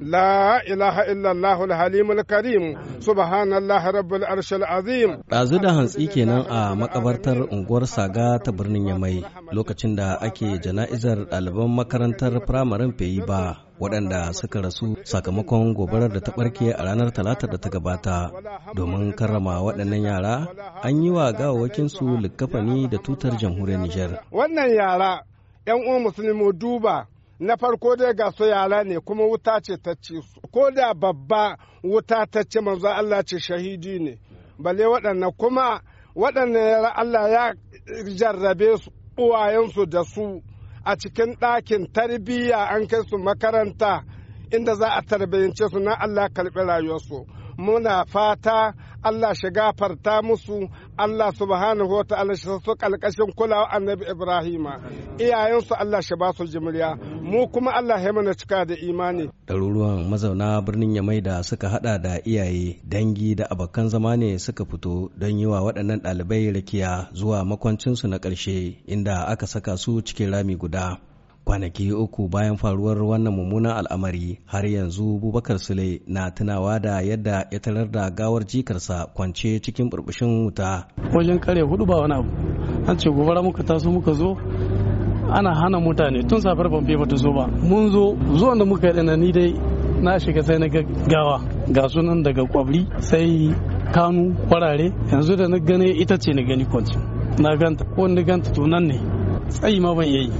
la ilaha illallah الكريم karim الله رب العرش azim dazu da hantsi kenan a makabartar unguwar saga ta birnin yamai lokacin da ake jana'izar ɗaliban makarantar firamaren feyi ba waɗanda suka rasu sakamakon gobarar da ta ɓarke a ranar talata da ta gabata domin karrama waɗannan yara an yi wa gawawakinsu likkafani da tutar jamhuriyar nijar wannan yara 'yan uwan musulmi duba na farko dai ga su yara ne kuma wuta ce ta ci su ko da babba wuta ta ci manzo Allah ce shahidi ne bale waɗannan kuma waɗannan Allah ya jarrabe su uwayensu da su a cikin ɗakin tarbiyya an kai su makaranta inda za a tarbiyyance su na Allah karɓi rayuwarsu muna fata Allah shi gafarta musu Allah subhanahu wa ta'ala shi su kalkashin kulawa annabi Ibrahima iyayensu Allah shi basu jimriya mu kuma Allah ya mana cika da imani ɗaruruwan mazauna birnin Yamai da suka hada da iyaye dangi da abokan zama ne suka fito don yi wa waɗannan ɗalibai rakiya zuwa makwancinsu na ƙarshe inda aka saka su cikin rami guda kwanaki uku bayan faruwar wannan mummunan al'amari har yanzu bubakar sule na tunawa da yadda ya tarar da gawar jikarsa kwance cikin burbushin wuta wajen kare hudu ba wani abu an ce gobara muka taso muka zo ana hana mutane tun safar famfe bata zo ba mun zo zuwan da muka yi ni dai na shiga sai na gaggawa ga sunan daga kwabri sai kanu kwarare yanzu da na gane ita ce na gani kwanci na ganta ko na ganta tunan ne tsayi ma ban yayi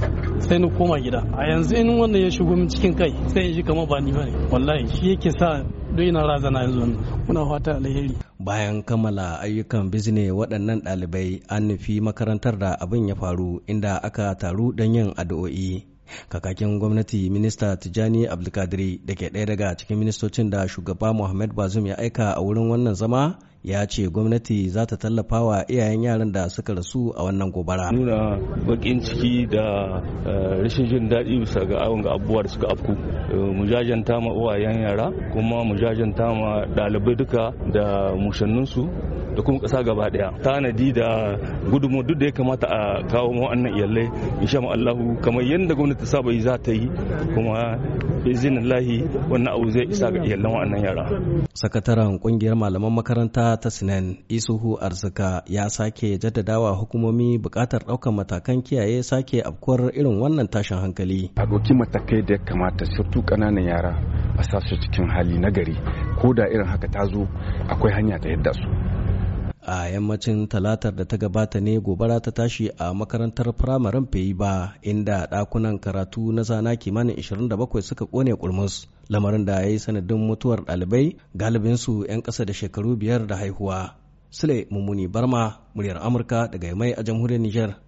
sai na koma gida a yanzu in wannan ya shigo min cikin kai sai ya ji kama ba ni bane wallahi shi yake sa duk ina razana yanzu wannan muna fata alheri bayan kammala ayyukan bizne waɗannan ɗalibai an nufi makarantar da abin ya faru inda aka taru don yin addu'o'i kakakin gwamnati minista tijani abdulkadiri da ke ɗaya daga cikin ministocin da shugaba muhammad bazum ya aika a wurin wannan zama ya ce gwamnati za ta tallafa wa iyayen yaran da suka rasu a wannan gobara nuna bakin ciki da eh, rashin jin daɗi bisa ga awon abubuwa da suka afku eh, mu jajanta ma uwayen yara kuma mu jajanta ma ɗalibai duka da mushanninsu da kuma ƙasa gaba ɗaya tanadi da gudumo duk da ya kamata a kawo mu wannan iyalai insha Allahu kamar yadda gwamnati saba za ta yi kuma izini lahi wannan abu zai isa ga iyalan wannan yara. Sakataren kungiyar malaman makaranta ta Sinan Isuhu Arzika ya sake jaddadawa hukumomi buƙatar ɗaukar matakan kiyaye sake afkuwar irin wannan tashin hankali. A ɗauki matakai da ya kamata surtu ƙananan yara a sasu cikin hali nagari ko da irin haka ta zo akwai hanya ta yadda su. a yammacin talatar da ta gabata ne gobara ta tashi a makarantar firamaren fayi ba inda dakunan karatu na zana kimanin 27 suka kone kurmus lamarin da ya yi sanadin mutuwar ɗalibai galibinsu 'yan ƙasa da shekaru biyar da haihuwa sule mummuni barma muryar amurka daga mai a jamhuriyar niger